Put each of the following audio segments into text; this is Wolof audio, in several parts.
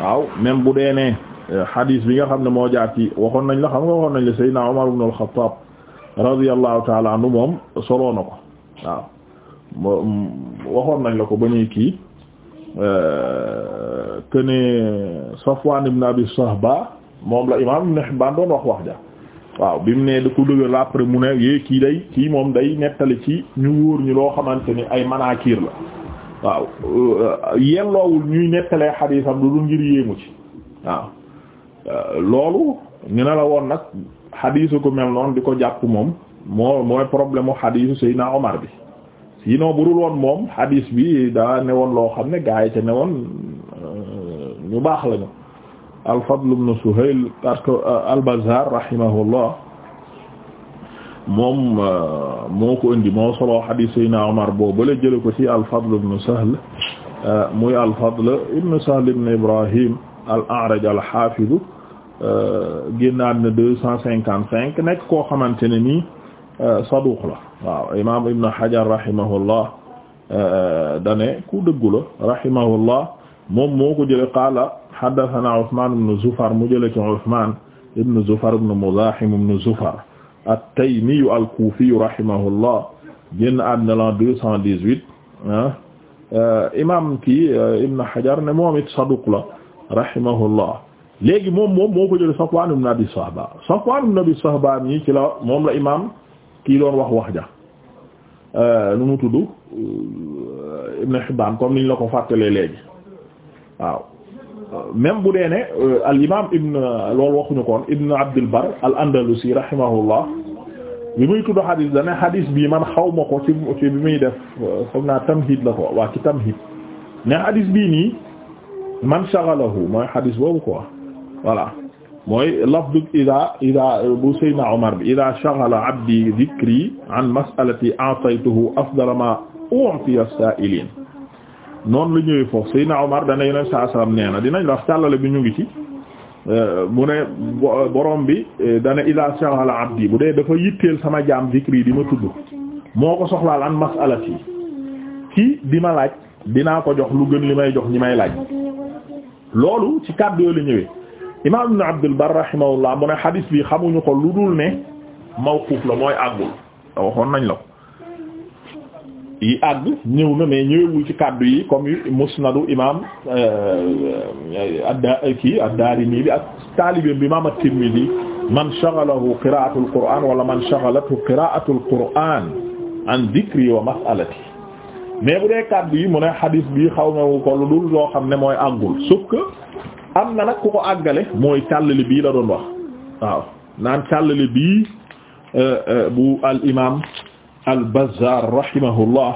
waaw même bu dee nee euh, hadith bi nga xam ne moo jaar ci waxoon nañ la xam nga waxoon nañ la Seydina Umar ibn al-Khattab radiyallahu ta'ala anhu moom soloo na ko waaw waxoon nañ la ko ba ñuy kii euh, que ne Safwan ibn Abi Sahba moom la imaam Ibn wax waaw bi mu ne mu ne kii day kii moom day nettali ci ñu wóor ñu loo xamante ni ay manaakir la waaw euh, yelloowul ñuy nettalee xadiisam lu dul ngir yéemu ci waaw euh, loolu ñu ne la woon nag xadiisu ko mel noonu di ko jàpp moom moo mooy problème u xadiisu Seydina Omar bi sinon bu dul woon moom xadiis bi daa ne woon loo xam ne gaa yi ca ne woon euh, ñu baax lañu al Fadl ibn Suhayl parce que al Bazzar rahimahullah moom euh, moo ko indi moo solo hadis Seydina Omar boobu la jële ko ci al-Fadl ibn Sahl euh, muy al-Fadl ibn Sahl ibn Ibrahim al-A'raj al-Hafiz euh, génnaat na deux cent cinquante cinq nekk koo xamante ne nii saduq la waaw imaam Ibn Hajar rahimahullah dane ku dëggu la rahimahullah moom moo ko jële qaala haddathana Uthman ibn Zufar mu jële ci Uthman ibn Zufar ibn Muzahim ibn Zufar at-Taymiyu al-Kufiyu rahimahullah génn àddina l'an deux cent dix-huit ah. euh, imam kii euh, Ibn Hajar ne moom it saduq la rahimahullah léegi moom moom moo ko jëlee Safwan ibn Abi Sahba Safwan ibn Abi Sahba ñi ci la moom la imam kii doon wax wax ja euh, nu mu tudd Ibn Hibban comme niñ la ko fàttalee léegi waaw même bu dee ne euh, al imaam ibn loolu waxuñu koon ibn Abdul Bar al andalusi rahimahullah bi muy tudd xadis da ne xadis bii man xaw ma ko ci ci bi muy def euh, foog naa tamhid la ko waa ci tamhid ne xadis bii nii man shaghalahu mooy xadis boobu quoi voilà mooy lafdu ida ida bu Seydina Omar bi ida shaghala abdi dhikri an mas'alati a'taytuhu afdala ma u'tiya as-sa'ilin noonu la ñëwee foofu Seydina Omar dana yoneen saa salaam nee na dinañ la wax tàllale bi ñu ngi ci euh, mu ne borom bi euh, dana ila shaghala abdi bu dee dafa yitteel sama jaam zikri di ma tudd moo ko soxlaal an masalati yi ci di ma laaj dinaa ko jox lu gën li may jox ñi may laaj loolu ci kàddu yooyu la ñëwee imam ibn Abdul Barr rahimahullah mu ne xadiis bi xamuñu ko lu dul ne mawquuf la mooy àggul waxoon nañ la ko yi àgg ñëw na mais ñëwul ci kàddu yi comme musnadu imaam euh, adda kii ad-Daarimi bi ak taalibeem bi imaam at-Tirmidhi man shaghalahu qira'atul Qur'an wala man shaghalathu qira'atul Qur'an an dhikri wa mas'alati mais bu dee kàddu yi mu ne xadis bi xaw ma ko lu dul loo xam ne mooy àggul sauf am na nag ko àggale mooy càllale bii la doon wax waaw naan càllale bii euh, euh, bu al imaam al-Bazzar rahimahullah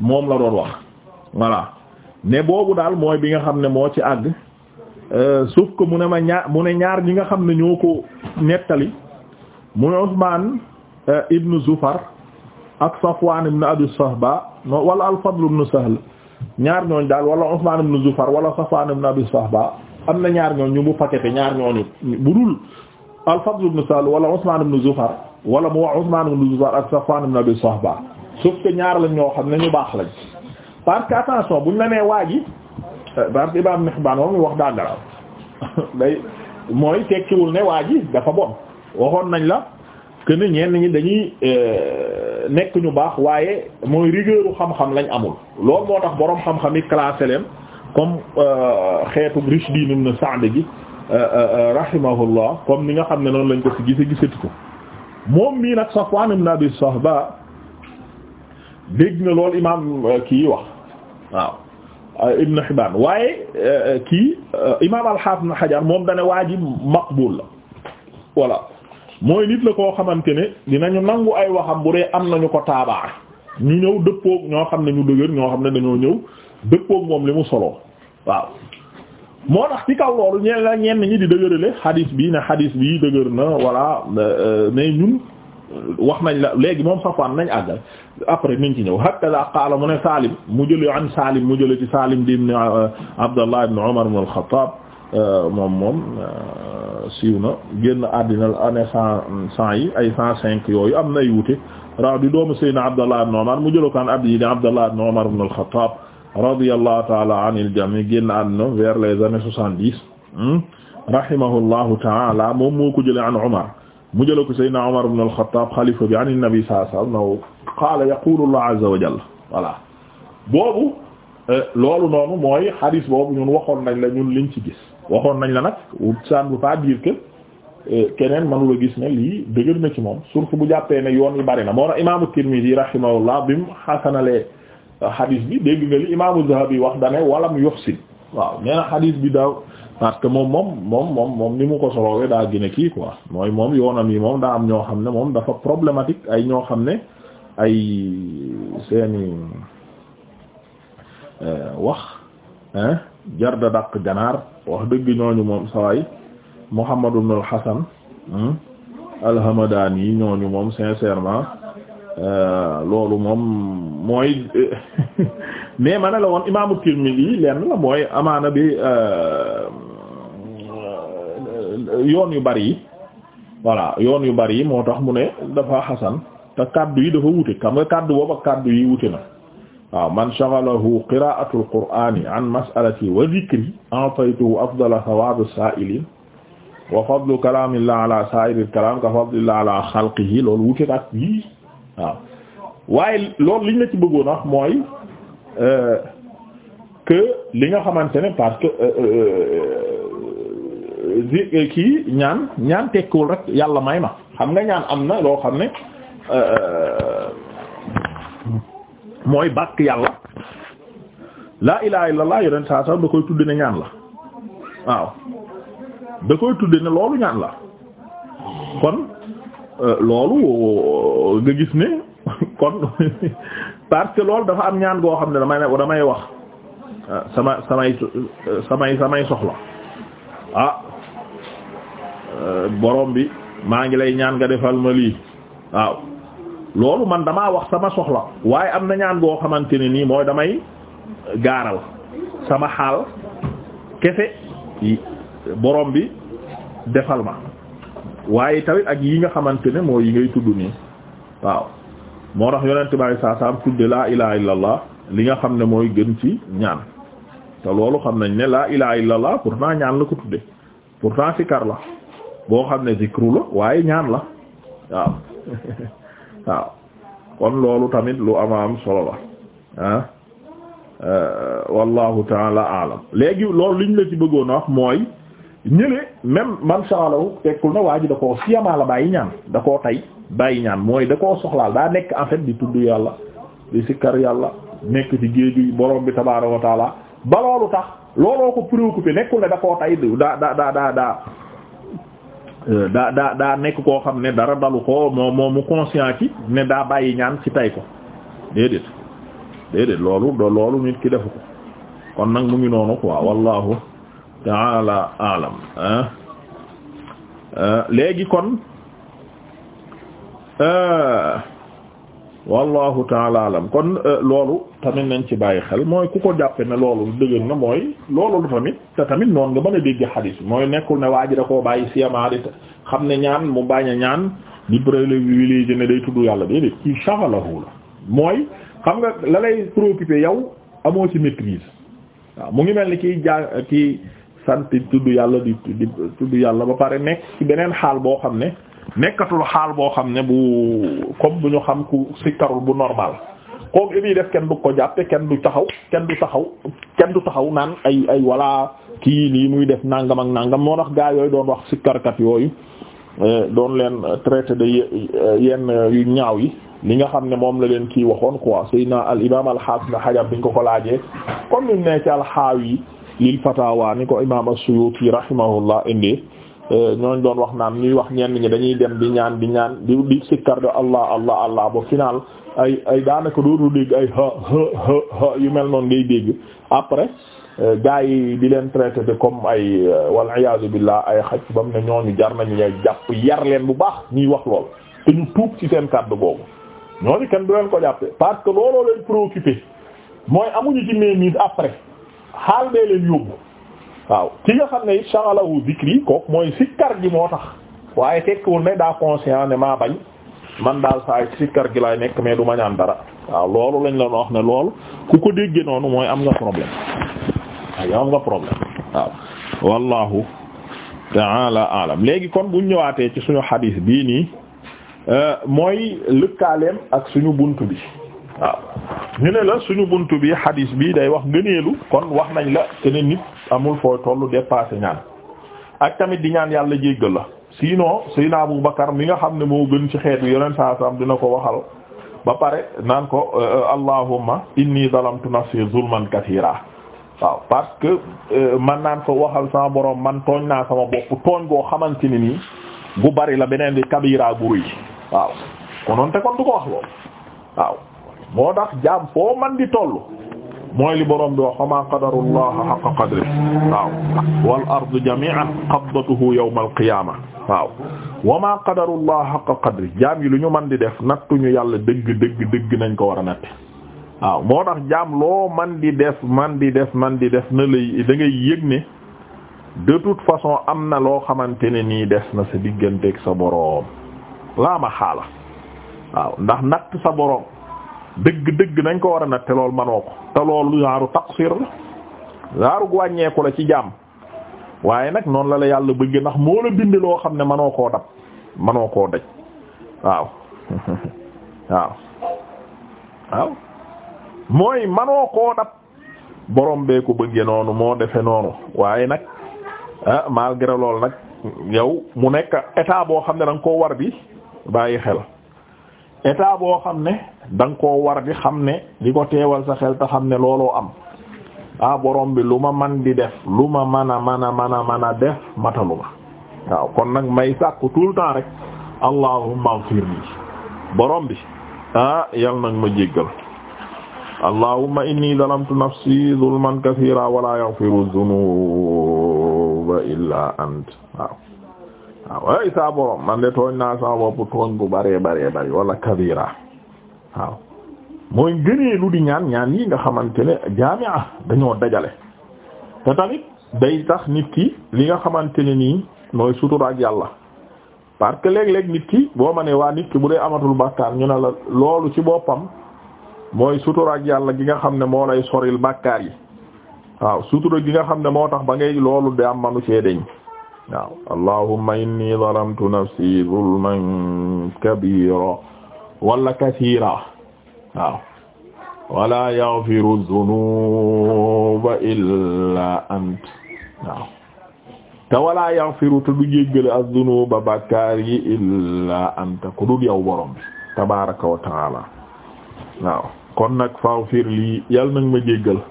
moom la doon wax voilà ne boobu daal mooy bi nga xam ne moo ci àgg euh, sauf que mu ne ma ñaar mu ne ñaar ñi nga xam ne ñoo ko nettali mu ne Usmaan euh, ibn Zufar ak Safwaan ibn Abi Sahba wala al-Fadl ibn Sahl ñaar ñooñ daal wala Usmaan ibn Zufar wala Safwaan ibn Abi Sahba am na ñaar ñooñ ñu mu paqueté ñaar ñooñu bu dul al-Fadl ibn Sahl wala Usmaan ibn Zufar wala mu wax Usman ibn Zubair ak Safwan ibn Abi Sahba sauf que ñaar lañ ñoo xam ne ñu baax lañ parce que attention buñ la nee waa ji euh, parce que Ibn Hibban moom wax daa garaaw day mooy tekkiwul ne waa ji dafa bon waxoon nañ la que ni ñenn ñi dañuy euh, nekk ñu baax waaye mooy rigueur xam-xam lañ amul loolu moo tax boroom xam-xam yi classé leen comme euh, xeetu Rushdie ibn Sa'd gi rahimahullah comme ni nga xam ne noonu lañ ko ci gise gisati ko moom mii nag Safwan ibn Abi Sahba dégg na lool imaam euh, kii wax waaw euh, Ibn Hibban waaye euh, kii imaam al na Ibn moom dane waa ji maqbul la voilà mooy nit la koo xamante ne dinañu nangu ay waxam bu dee am nañu ko taabaa ñu ñëw dëppook ñoo xam ne ñu dëgër ñoo xam ne dañoo ñëw dëppook moom li mu solo waaw moo tax ci kaw loolu ñeen la ñenn ñi di dëgërale xadiis bi ne xadiis bi dëgër na voilà mais euh, ñun euh, wax nañ la léegi moom Safwan nañ àggal après niñ ci ñëw hakaza qaala mu ne Salim mu jële an Salim mu jël ci Salim di ibn euh, Abdallah ibn Umar ibn al-Khattab moom moom siiw na génn àddina année cent cent yi ay cent cinq yooyu am nay wute raw di doomu Seydina Abdallah ibn Umar mu jële an abdi yi di Abdallah ibn Umar ibn al-Khattab radiyallahu taala anil jami génn àdduna vers les années soixante-dix hmm? rahimahullahu taala moom moo ko jëlee an Umar mu jëla ko Seydina Umar ibn al-Khattab xalifa bi an nabi sallallahu alayhi wasallam qaala yaqulu llahu azza wa jalla voilà boobu eh, loolu noonu mooy hadith boobu ñun waxoon nañ la ñun liñ ci gis waxoon nañ la nag ça ne veut pas dire que eh, keneen mënu la gis ne lii dëgër na ci moom surtout bu jàppee ne yoon yi bari na moo tax imaamu Tirmidhi rahimahullah bi mu xasanalee xadis euh, bi dégg nga li imaamu Zahabi wax dane walam yuhsin waaw nee na bi daaw parce que moom moom moom moom moom ni mu ko soloowe daa gën a kii quoi mooy moom yoonam yi moom daa am ñoo xam ne moom dafa problématique ay ñoo xam ne ay seeni euh, wax jar da dàq ganaar wax dëgg ñooñu moom sawaay Muhammad ibn al-Hasan hmm, al-Hamadani ñooñu moom sincèrement Euh, loolu moom mooy mais ma ne la woon imaamu Tirmidhi mooy amaana bi euh, euh, yoon yu bari yi voilà yoon yu bari yi moo tax mu ne dafa xasan te yi dafa wute xam nga kaddu yi wute na waaw man shaghalahu qira'atu an mas'alati wa dhikri a'taytuhu afdala thawabi as-sa'ilin wa fadlu kalami llahi ala sa'iri al-kalam ka fadli llahi ala khalqihi loolu wute ak yi waaw waaye loolu liñ la ci bëggoon wax mooy euh, que li nga xamante ne parce que euh, euh, kii ñaan ñaan tekkiwul rek yàlla may ma xam nga ñaan am na loo xam ne mooy bàkk yàlla laa ilaha illallah yonent saa sax da koy tudde ne ñaan la waaw da koy tudde ne loolu ñaan la kon loolu nga gis ne kon parce que loolu dafa am ñaan goo xam ne damay damay wax ah, sama samay samay samay soxla ah euh, boroom bi maa ngi lay ñaan nga defal ma lii waaw loolu man damaa wax sama soxla waaye am na ñaan goo xamante ne nii mooy damay gaaral sama xaal kese boroom bi defal ma waaye tamit ak yi nga xamante ne mooy yi ngay tudd nii waaw moo tax yonent bi saa saam tudde laa ilaha illallah li nga xam ne mooy gën ci ñaan te loolu xam nañ ne laa ilaha pour pourtant ñaan la ko tudde pourtant sikar la boo xam ne zikru la waaye ñaan la waaw waaw kon loolu tamit lu ama am solo la ah euh, wallahu taala alam léegi loolu liñ la ci bëggoon a wax mooy ñële même man saalaw tekkul na waa ji da koo siyamaa la bàyyi ñaan da koo tay bàyyi ñaan mooy da koo soxlaal daa nekk en fait di tudd yàlla di sikkar yàlla nekk ci géeju borom bi tabaaraka wa taala ba loolu tax looloo ko préoccupé nekkul ne da koo tay daa daa daa daa nekk koo xam ne dara dalu ko moo mu conscient ci ne daa bàyyi ñaan ci tay ko déedéet déedéet loolu loolu nit ki defu ko kon nag mu ngi noonu quoi wallaahu taala alam ah. ah, léegi kon ah, wallahu taala alam kon loolu tamit nañ ci bàyyi xel mooy ku ko jàppe ne loolu dëgër na mooy loolu la tamit te tamit noonu nga mën a dégg xadis mooy nekkul ne waa ji da koo bàyyi siamaa di xam ne ñaan mu bañ a ñaan di privilégié ne day tudd yàlla déedéet ci shaghalahu la mooy xam nga la lay préoccupé yow amoo ci maîtrise waaw mu ngi mel ni kiy jaa ki sant tudd yàlla di di tudd yàlla ba pare nekk ci beneen xaal boo xam ne nekkatul xaal boo xam ne bu comme bu ñu xam ku sikkarul bu normal kooku li muy def kenn dug ko jàppe kenn du taxaw kenn du taxaw kenn du taxaw naan ay ay walla kii lii muy def nangam ak nangam moo tax gaa yooyu doon wax sikkarkat yooyu eh, doon leen traité de yenn yu ñaaw yi li nga xam ne moom la leen kii waxoon quoi Seydina al imaam al xaafis na xajar biñ ko ko laajee comme ni mu ci al xaawi lil fatawa ni ko imam as-Suyuti rahimahullah indi eh, ñooñ doon wax naan ñuy wax ñenn ñi dañuy dem di ñaan di ñaan di di sikkar de allah allah allah ba final ay ay daanaka dootu dégg ay ha ha ha yu mel noon ngay dégg après eh, gaa yi di leen traité de comme ay eh, wal iyaazu billah ay xaj ba mu ne ñooñu jar nañu ñay jàpp yar leen bu baax ñuy wax lool te ñu tuub ci seen kàddu boobu ñooñu kenn du leen ko jàppee parce que looloo leen préoccupé mooy amuñu ci mainmise après xaal bee leen yóbbu waaw ki nga xam ne it shaghalahu dhikri kooku mooy sikkar gi moo tax waaye tekkiwul ne daa conscient ne maa bañ man daal saa yi sikkar gi laay nekk mais du ma dara waaw loolu lañ la wax ne loolu ku ko déggee noonu mooy am nga problème waaw am nga problème waaw wallahu ta'ala alam léegi kon bu ñëwaatee ci suñu xadiis bii nii euh, mooy lëkkaaleem ak suñu bunt bi waaw ñu ne la suñu bunt bi hadis bii day wax ngëneelu kon wax nañ la te ne nit amul foo tollu dépassé ñaan ak tamit di ñaan yàlla jéggal la sinon Seydina Abu Bakar mi nga xam ne moo gën ci bi yeneen saa saam dina ko waxal ba pare naan ko euh, euh, allahumma inni zalamtu nafsi zulman katira waaw parce que euh, man naan ko waxal sama borom man tooñ naa sama bopp tooñ goo xamante ni nii gu bari la beneen di kabira gu rëy waaw konoon te kon du ko wax loolu waaw moo tax jaam foo man di toll mooy li boroom bi wax xamaa qadarullaha haqqa qadri waaw wal ardu jami'an qabdatuhu yawm al qiyama waaw wamaa qadarullaha haqqa qadri jaam yi lu ñu man di def nattuñu yàlla dëgg dëgg dëgg nañ ko war a natt waaw moo tax jaam loo man di def man di def man di def na lay da ngay yëg ne de toute façon am na loo xamante ne nii des na sa digganteeg sa boroom laa ma xaala waaw ndax natt sa boroom dëgg dëgg nañ ko war a natte loolu manoo ko te loolu yaaru taqsir la gu wàññeeku la ci jaam waaye nag noonu la la yàlla bëgge ndax moo la bind loo xam ne manoo koo dab manoo koo daj waaw mooy manoo koo dab borom bee ko bëgge noonu moo defe noonu waaye nag ah malgré loolu nag yow mu nekk état boo xam ne danga koo war bi bàyyi xel état boo xam ne da ko koo war di xam ne di ko teewal sa xel xam ne looloo am ah borom bi lu ma man di def lu ma man a man a def matalu ma waaw kon nag may sàkku tout le temps rek allahumma ighfir li borom bi ah yal nag ma jéggal allahumma inni zalamtu nafsi zulman kathira wala yaghfiru dhunuba illa ant waaw Ah, waaw ay saa borom man de tooñ naa saa bopp tooñ bu baree bëree bëri wala kabira waaw mooy gënee lu di ñaan ñaan yi nga xamante ne jaami'a dañoo dajale te tamit day tax nit ki li nga xamante ne nii mooy sutura ak yàlla parce que léeg nit ki boo ma ne waa nit ki bu dee amatul bàkkaar ñu ne la loolu ci boppam mooy sutura ak yàlla gi nga xam ne moo lay soril bàkkaar yi waaw sutura gi nga xam ne moo tax ba ngay loolu de am manu cee deñ waaw allahumma inni zalamtu nafsi zulman kabira wala kathira waaw wala yaghfiru dhunuba illa ant waaw te wala yaghfiru te du jéggale az-dhunuba bàkkaar yi illa anta ku dul yow borom bi tabaraka wa taala waaw kon nag faghfir lii yal nag ma jéggal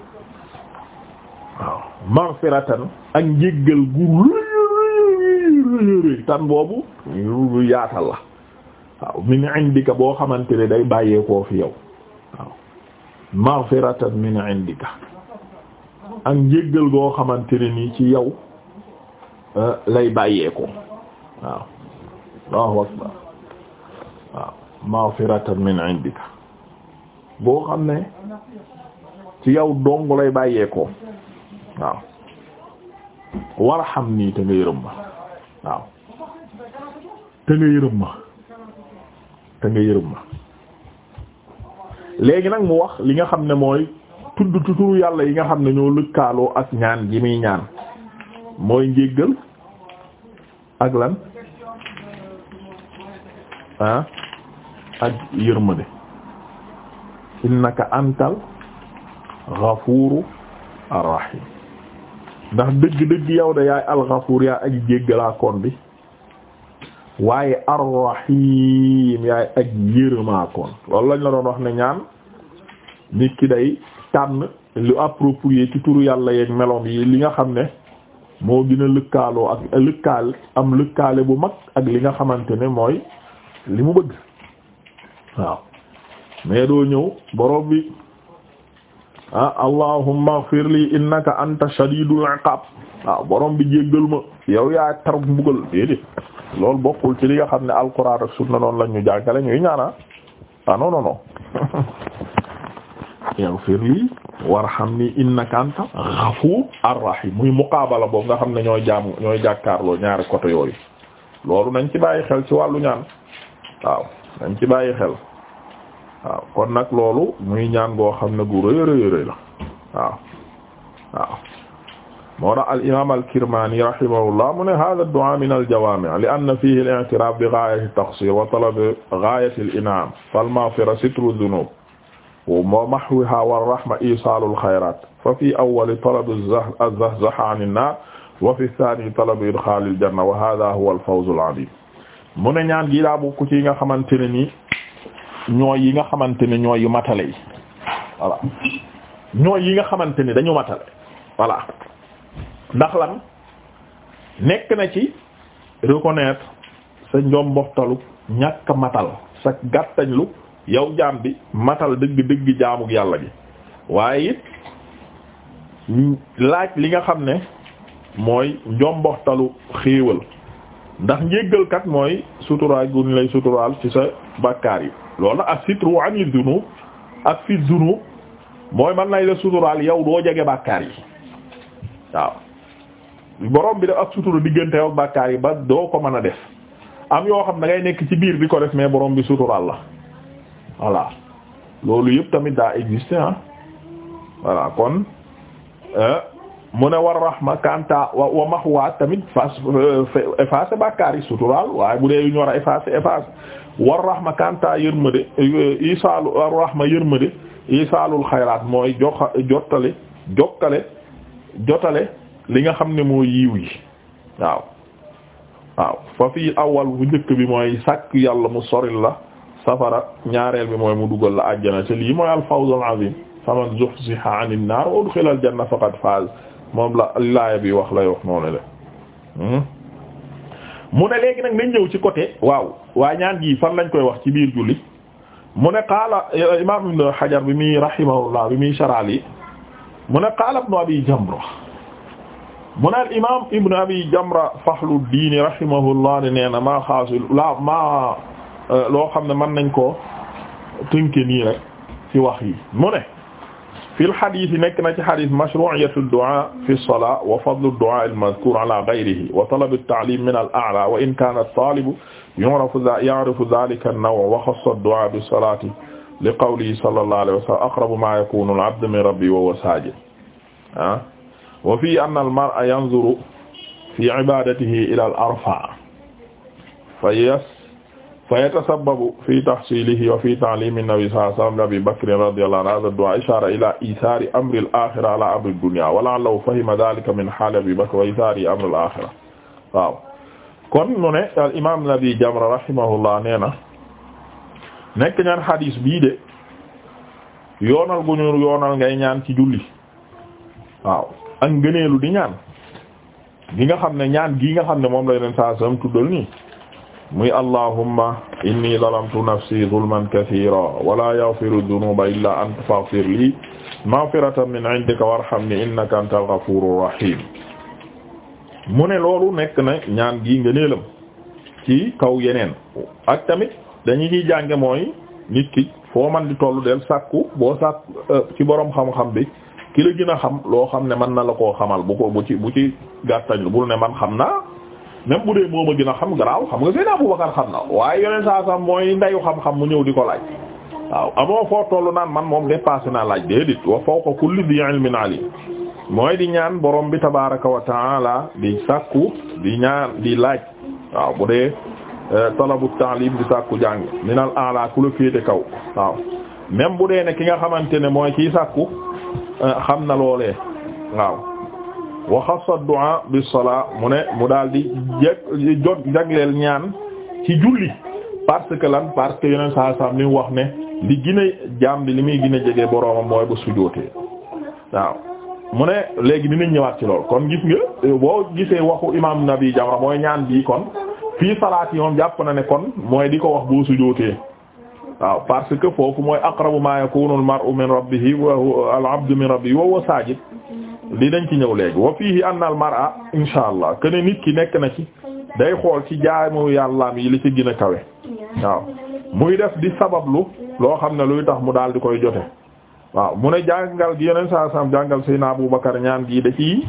waaw maghfiratan ak njéggal gu rëy tan boobu lu yaatal la waaw min indika boo xamante ne day bàyyeekoo fi yow waaw maghfiratan min indika ak njéggal goo xamante ne nii ci yow eh, lay bàyyeekoo waaw Allahu akbar min indika boo xam ne ci yow dong lay bàyyeekoo waaw warxam nii te nga yërëm ma waaw te yërëm ma te yërëm ma léegi nag mu wax li nga xam ne mooy tudd tuturu yàlla yi nga xam ne ñoo lëkkaaloo ak ñaan gi muy ñaan mooy njéggal ak lan ah ak yërmande innaka antal ghafuru arrahim ndax dëgg-dëgg yow de yaay alxafuur yaay aji jéggalaakoon bi waaye arrahim yaay aji yërëmaakoon lool lañ la doon wax ne ñaan nit ki day tànn lu approprié ci turu yàlla yeeg meloom yi li nga xam ne moo gën a lëkkaaloo ak lëkkaal am lëkkaale bu mag ak li nga xamante ne mooy li mu bëgg waaw mais doo ñëw borom bi ah allahumma ighfir li innaka anta shadidul iqab waaw borom bi jéggal ma yow yaa tarub mbugal déedéet loolu bokkul ci li nga xam ne alquran ak sunna noonu la ñu jàngale ñuy ñaana ah non non non ighfir li warhamni innaka anta ghafur arrahim muqaabala boobu nga xam ne ñooy jaam ñooy jàkkaarloo ñaari côté yooyu loolu nañ ci bàyyi xel ci wàllu ñaan waaw nañ ci bàyyi xel waaw kon nag loolu muy ñaan goo xam ne gu rëy rëy rëy la waaw waaw moo tax al imaam al kirmaani rahimahullah mu ne hada du'a min al jawaami' li anna fihi al i'tiraaf bi gaayati al taqsiir wa talab gaayati al in'aam fal maghfira sitru dunuub wa mahwihaa war rahma iisaalu al xayraat fa fi awwali talab az-zahzaha an an-naar wa fi saani talab idxaal al janna wa hada huwa al fawz al adiim mu ne ñaan gi daa bokk ci nga xamante ne nii ñooy yi nga xamante ne ñooy yu matale yi voilà ñooy yi nga xamante ni dañu matale voilà ndax lan nekk na ci reconnaître sa njomboxtalu ñàkk matal sa gàttañlu yow jaam bi matal dëgg-dëgg jaamu yàlla bi waaye it laaj li nga xam ne mooy njomboxtalu xéewal ndax njéggalkat mooy suturaay gu lay suturaal ci sa bàkkaar yi loolu nag as-sitru ani dunub ak fi dunub mooy man nañ la suturaal yow doo jege bàkkaar yi waaw borom bi def ak sutura diggante yow bàkkaar yi ba doo ko mën a def am yoo xam da ngay nekk ci biir di ko def mais borom bi suturaal la voilà loolu yëpp tamit daa exister ah voilà kon. Euh, mu ne war rahma kanta wa mahwa tamit efface efface bàkkaar yi suturaal waaye bu dee yu ñu war a efface efface war rahma kanta yërmande isaalu war rahma yërmande isaalul xayraat mooy joxa jottale jokkale jotale li nga xam ne moo yiw yi waaw fa fii awal bu njëkk bi mooy sàkk yàlla mu soril la safara ñaareel bi mooy mu dugal la àjjana te lii mooy al fawzul azim faman zuhziha anin nar wa udkhila al janna faqad faz moom la laaya bi wax lay wax noonu le hmm? mu ne léegi nag nañ ñëw ci côté waaw waa ñaan gi fan lañ koy wax ci biir julli mu ne qaala eh, imam ibn Hajar bi muy rahimahullah bi muy sharaal yi mu ibn Abi Jamra mu ne al ne nee na maa xaasul eh, xam ne mën nañ ko tënke nii ci wax yi fil xadis yi nekk na ci xadis mashru'iyatu du'a fi salaa wa fadlu du'a al-mazkur ala ghayrihi wa talab at-ta'lim min al-a'la wa in kana at-talibu yu'rafu ya'rifu dhalika an-naw' wa khassa ad-du'a bi salati li qawlihi sallallahu alayhi wa sallam aqrabu ma yakunu al-'abdu min rabbihi wa huwa sajid ah wa fihi anna al-mar'a yanzuru fi ibadatihi ila al-arfa' fa yatasabbabu fi tahsilihi wa fi ta'limi nabi sallallahu alayhi wa sallam abi bakr radiyallahu anhu ila ithari amri al ala amri ad-dunya wa la'allahu fahima min hali abi wa ithari amri al waaw kon mu al imam nabi jamra rahimahullah nee na nekk ñaan hadis bii de yoonal ngay ñaan ci julli waaw ak ngëneelu di ñaan gi nga xam ne ñaan gii nga xam ne moom la yeneen saa sam tuddal nii muy allahumma inni zalamtu nafsi zulman kathira wa la yaghfiru dhunuba illa anta faghfir li maghfiratan min indika warhamni innaka antal ghafurur rahim mu ne loolu nekk na ñaan gi ngëneelam ci kaw yeneen ak tamit dañu ciy jànge mooy nit ki foo man di tollu del sàkku boo sàkk euh, ci boroom xam-xam bi ki la gën a xam loo xam ne mën na la koo xamal bu ko bu ci bu ci gàttañ lu bul ne man xam naa même bu dee moom a gën xam garaaw xam nga Seydina Abubakar xam na waaye yeneen saa mooy ndeyu xam-xam mu ñëw di ko laaj waaw amoo foo tollu naan man moom dépassé naa laaj déedéet wa fawqa kulli di ilmin alim mooy di ñaan borom bi tabaraka wa taala di sàkku di ñaan di laaj waaw bu dee euh, talabu taalim di sàkku jàng minal ala ku la féete kaw waaw même bu dee ne ki nga xamante ne mooy kiy sàkku euh, xam na loolee waaw wa xassa du'a bi mu ne mu daal di jeg jot jagleel ñaan ci julli parce que lan parce que yeneen saa saam li wax ne li gën a jaam bi li muy gën a jege boroomam mooy bu sujootee waaw mu ne léegi dinañ ñëwaat ci lool kon gis nga boo gisee waxu imaam Nabi Jamra mooy ñaan bii kon fii salaat yi moom jàpp na ne kon mooy di ko wax boo sujootee waaw parce que foofu mooy aqrabu ma yakunu al mar'u min rabbihi wa al abdu min rabbihi wa huwa saajid li dañ ci ñëw léegi wa fiihi anna al mar'a insha allah kene nit ki nekk na ci day xool ci jaamu yàllaam yi li ci gën a kawe waaw muy def di sabablu loo xam ne luy tax mu daal di koy jote waaw mu ne jàngal gi yeneen saa sam jàngal Seydina Abu Bakar ñaan gi da ci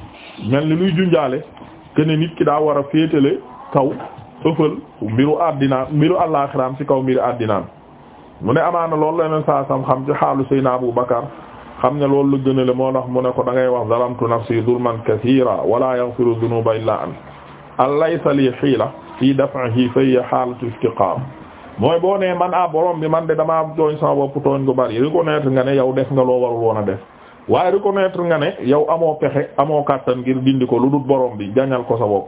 mel ni luy junjaale kene nit ki daa war a féetale kaw ëffal mbiru àddinaam mbiru àllaaxiraam ci kaw mbiru àddinaam mu ne amaana loolu la yeneen sam xam ci xaalu Seydina Abu Bakar xam ne loolu lu gënale moo tax mu ne ko da ngay wax zalamtu nafsi zulman kathira wala yaghfiru dhunuba illa ant alaysa li hiila fi daf'ihi fa hiya haalatu iftiqaar mooy boo ne man a borom bi man de damaa tooñ sama bopp tooñ gu bari reconnaître nga ne yow def nga loo warul woon a def waaye reconnaître nga ne yow amoo pexe amoo kàttan ngir dindi ko lu dul borom bi jañal ko sa bopp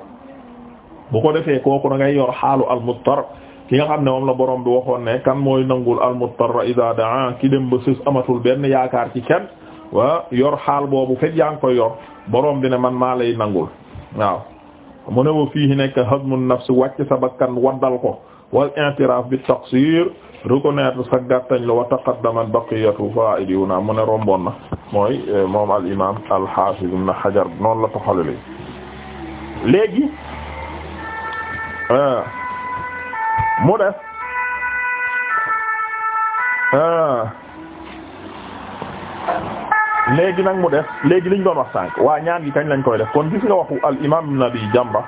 bu ko defee kooku da ngay yor xaalu al muttar ki nga xam ne moom la borom bi waxoon ne kan mooy nangul almuttarra idaa daa ki ba sës amatul benn yaakaar ci kenn wa yor xaal boobu fekk yaa ngi koy yor borom ne man maa lay nangul waaw mu ne wa fiihi nekk hazmun nafs wàcc sa bakkan waddal ko wal i'tiraaf bi taqsir reconnaître sa gàttañ la romboon na mooy eh, moom al imam al hafiz ibn hajar noonu la toxalale léegi eh, mu des ah. léegi nag mu def léegi liñ doon wax sànq waa ñaan gi kañ lañ koy def kon gis nga waxu al imam ibn abi jamba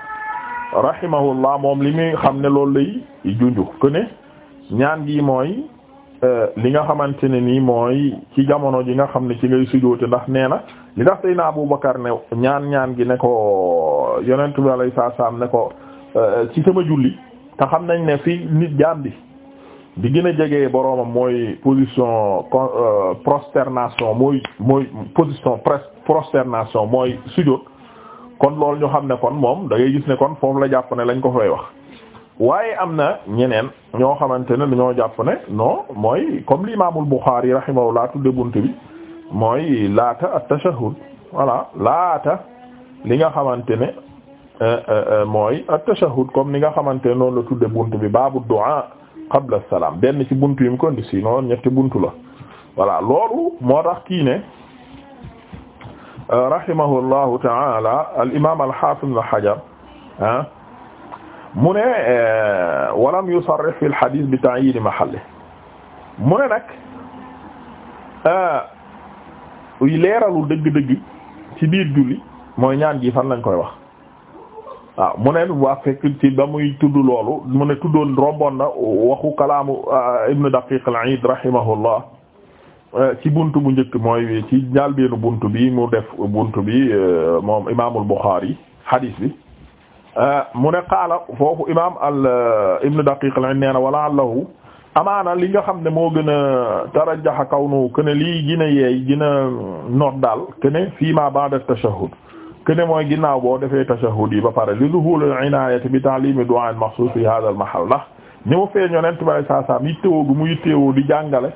rahimahullah moom li muy xam ne loolu lay junju que ñaan gi mooy euh, li nga xamante ne nii mooy ci jamono ji nga xam ne ci ngay sujoote ndax nee na li ndax Seydina Abu Bakar ne ñaan ñaan gi ne ko yonent bi alayhi salaam ne ko euh, ci sama julli te xam nañ ne fi nit jaam bi di gën a jege boroomam mooy position euh, prosternation mooy mooy position prosternation mooy sujjóot kon loolu ñu xam ne kon moom da ngay gis ne kon foofu la jàpp ne lañ ko fay wax waaye am na ñeneen ñoo xamante ne dañoo jàpp ne non mooy comme l'imamul Bukhari rahimahullah tudde bunt bi mooy laata at-tashahhud voilà laata li nga xamante ne Euh, euh, euh, mooy at-tashahhud comme ni nga xamante ne noonu la tudde bunt bi baabu du'a qabla salaam benn ci bunt yi mu ko indi si noonu ñetti bunt la voilà loolu moo tax kii ne rahimahullahu ta'ala al imam al hafiz ibn hajar ah mu ne walam yusarrih fi al bi ta'yin mahalli mu ne nag leeralul dëgg-dëgg ci biir julli mooy ñaan gi fan lañ koy wax waaw mu ne waa fekk ci ba muy tudd loolu mu ne tuddoon romboon na waxu kalaamu euh, ibnu daqiq al-iid rahimahullah euh, ci bunt bu njëkk mooy ci njàlbeenu bunt bi mu def bunt bi euh, moom imaamul buxaari hadis bi mu ne qaala foofu imaam al ibnu daqiq al-iid nee na wala allahu amaana li nga xam ne moo gën a tarajjaxa kaw nu kene lii gën a yeey gën a noot daal kene fii ma ba'da tashahhud kene mooy ginnaaw boo defee tashahhud ba pare li zuhul al-inaayati bi ta'limi du'a a maxsuus fi hadha al-mahall ndax ñi mu feeñ yonent bi saa saa mi teewoo gu muy teewoo di jàngale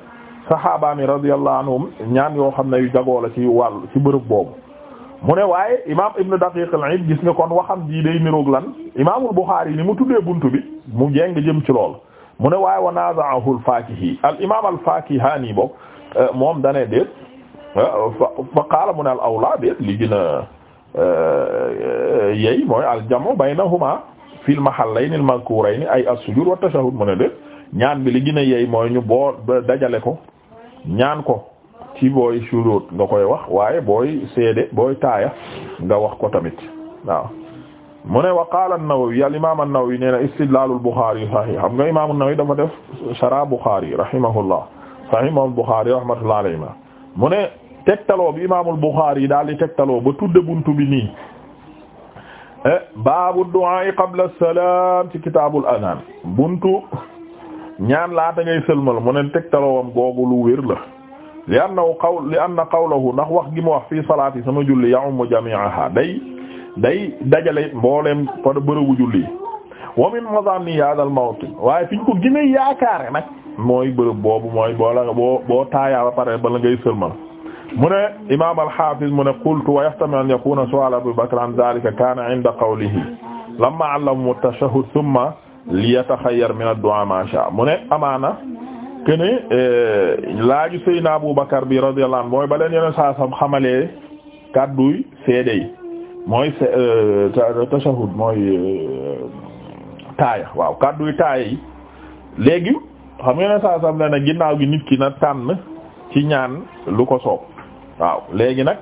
saxaaba mi anhum ñaan yoo xam ne yu jagoo la ci wàll ci bërëb boobu. mu ne waaye imaam Ibn Daqiq al-Iid gis nga kon waxam ji day niroog lan imaamul Buxaari ni mu tuddee buntu bi mu jeng jëm ci lool mu ne waaye wa naaza'ahu al-Faakihi al-imaam al moom danay déet fa qaala mu Euh, yey mooy aljamu baynahuma fil mahallayn al mazkurayn ay as-sujud wa tashahhud mu ne de ñaan bi li gën a yey mooy ñu boo dajale ko ñaan ko ci booy shuruut nga koy wax waaye booy seede booy taaya nga wax ko tamit waaw mu ne wa qaala an-Nawawi al imam an-Nawawi nee na istidlaalul Buxaari sahih xam nga imam an-Nawawi dafa def shara Buxaari rahimahullah sahih moom Buxaari rahmatullahi alayhi tegtaloo bi imaamul Buxaari yi daal di taloo ba tudde buntu bi nii eh, baabu du'a qabla salaam ci kitaabul adaan buntu ñaan laata ngay sëlmal mu ne tegtaloowam googu lu wér la li annahu qawl li ndax wax gima mu wax fii salaati sama julli ya'ummu jami'aha day day dajale mbooleem par bërëbu julli wa min mazanni hadha al mawtin waaye fiñ ko gëna yaakaare nag mooy bërëb boobu mooy boo la boo ba pare bala ngay sëlmal mu ne imaam al-Hafiz mu ne qultu wa yahtamilu an yakuna su'al Abi Bakr an dhalika kana 'inda qawlihi lamma 'allamahu at-tashahhud thumma liyatakhayyar min ad-du'a ma sha'a amaana kene eh, laaju Seydina Abu Bakr bi radiyallahu anhu mooy ba leen yeneen saa sam xamalee kadduy seede yi mooy eh, tashahhud eh, kadduy taaya yi léegi xam nga yeneen saa sam ne na ginnaaw gi nit ki na tànn ci ñaan lu ko waaw léegi nag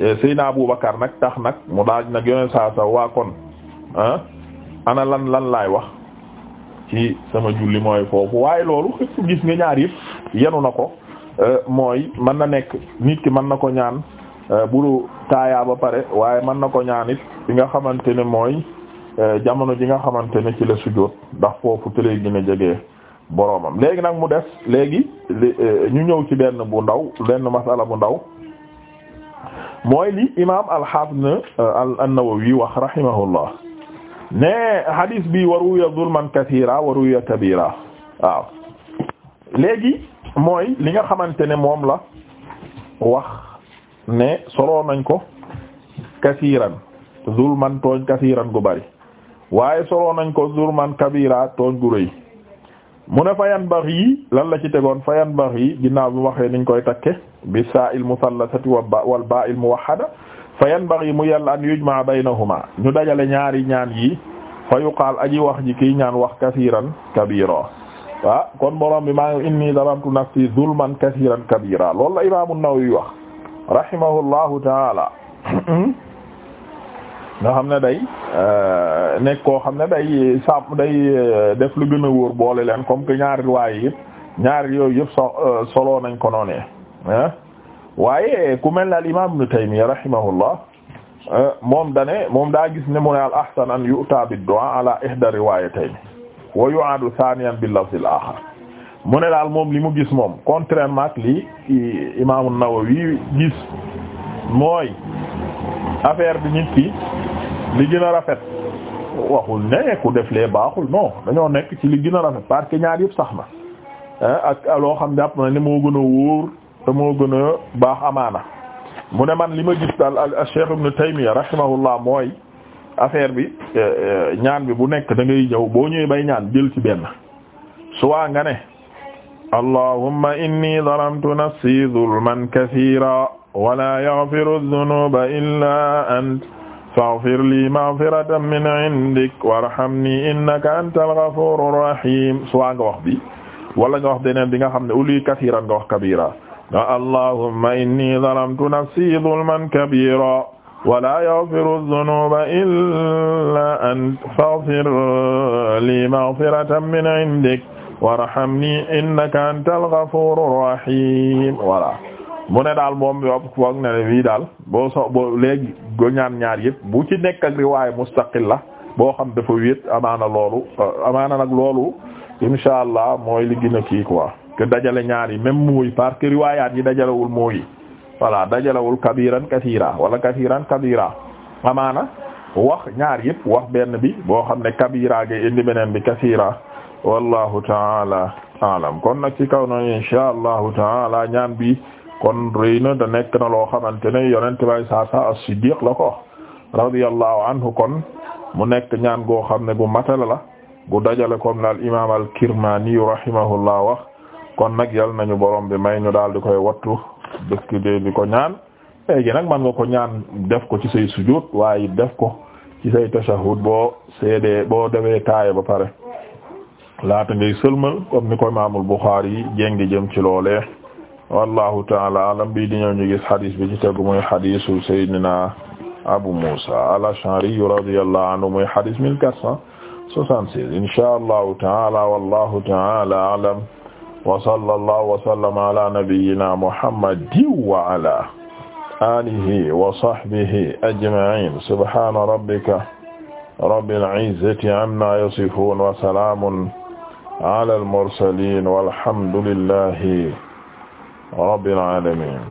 eh, Seydina Aboubacar nag tax nag mu daal nag yoneen saa waa kon ah, ana lan lan laay wax ci sama julli mooy foofu waaye loolu xëpp gis nga ñaar yëpp yenu na ko eh, mooy man na nekk nit ki mën na ko ñaan eh, bu taayaa ba pare waaye man na ko ñaan it nga xamante ne mooy jamono ji nga xamante ne ci la sujjóot ndax foofu te léegi gën a jege boroomam léegi nag mu des léegi ñu ñëw ci benn bu ndaw benn masala bu ndaw mooy li imaam al-Hafiz euh, an-Nawawi wax rahimahullah ne hadis bi waruya zulman kathira waruya kabira waaw mooy li nga xamante ne moom la wax ne soloo nañ ko kathiran zulman tooñ kathiran gu bari waaye soloo nañ ko zulman kabira tooñ gu rëy mu ne fa yanbaghi lan la ci tegoon fa yanbaghi ginnaaw bi waxee niñ koy takke bi sa'il musallasati wal ba'il muwahhada fa yanbaghi mu yàlla an yujma baynahuma ñu dajale ñaari ñaan yi fa yuqaal aji wax ji kiy ñaan wax kasiiran kabira ah kon borom bi maa ngi inni dalamtu nafsi zulman kasiiran kabira loolu la imaamu Nawawi wax rahimahullahu taala nga xam ne day euh, nekk koo xam ne day sàpp day euh, def lu gën a wóor boole leen comme que ñaari riwaay yëpp ñaari yooyu yëpp so euh, solo nañ ko waaye ku mel ne al imaam Ibn Taymiyya rahimahullah moom dane moom daa gis ne mu ne al ahsan an yu'ta bid du'a ala ihda riwayatayn wa yu'adu thaniyan bil lafz al akhar mu ne daal moom li mu gis moom contrairement ak li imaam an-Nawawi gis mooy affaire bi nit ki li gën rafet waxul ne ku def lee baaxul no dañoo nekk ci li gën rafet parce que ñaar sax na eh, ak loo xam jàpp na ne moo gën a wóor te moo gën a baax amaana mu ne man li ma gis daal al Cheikh Ibn Taymiyya rahimahullah mooy affaire bi eh, eh, ñaan bi bu nekk dangay ngay boo ñëwee bay ñaan jël ci benn suwaa nga ne allahumma inni zalamtu nafsi zulman kathira wa la yaghfiru dhunuba illa ant faghfir li maghfiratan min indik warhamni innaka antal ghafurur rahim suwaa nga wax bi wala nga wax beneen bi nga xam ne uli katiran nga wax kabira nga allahumma inni zalamtu nafsi zulman kabira wala yaghfiru dhunuba illa ant faghfir li maghfiratan min indik warhamni innaka antal ghafurur rahim wala mu ne daal moom yow foog na ne bii daal boo so boo léegi go ñaan ñaar yëpp bu ci nekk ak riwaay mustaqil la boo xam dafa wéet amaana loolu euh, amaana nag loolu insha allah mooy li gën a kii quoi dajale ñaar yi même mooy parce que riwaayaat yi dajalewul mooy voilà dajalewul kabiran kasiira wala kasiran kabira amaana wax ñaar yëpp wax benn bi boo xam ne kabira ga indi beneen bi kasiira wallahu taala alam kon nag ci kaw noonu insha allahu taala ñaan bi kon rëy na da nekk na loo xamante ne yonent bay saa saa as la ko radiyallahu anhu kon mu nekk ñaan goo xam ne gu matala la gu dajale comme al imaam al-Kirmaani rahimahullah wax kon nag yal nañu borom bi may ñu daal di koy wattu dëkk de di ko ñaan léegi nag man nga ko ñaan def ko ci say sujud waaye def ko ci say tashahhud boo seedee boo defee taaya ba pare laata ngay sëlmal comme ni ko imaamul Buxaari yi jéngi jëm ci loolee wallahu taala alam bi di ñëw ñu gis xadis bi ci tegu muy xadisu sayyidina Abu Musa al-Ash'ari radiyallahu anhu muy xadis 1476 insha allahu taala wallahu taala alam wa sallallahu wa sallama ala nabiyyina Muhammadin wa ala alihi wa sahbihi ajma'in subhana rabbika rabbil izzati amma yasifun wa salamun ala al-mursalin walhamdulillahi rabbil alamin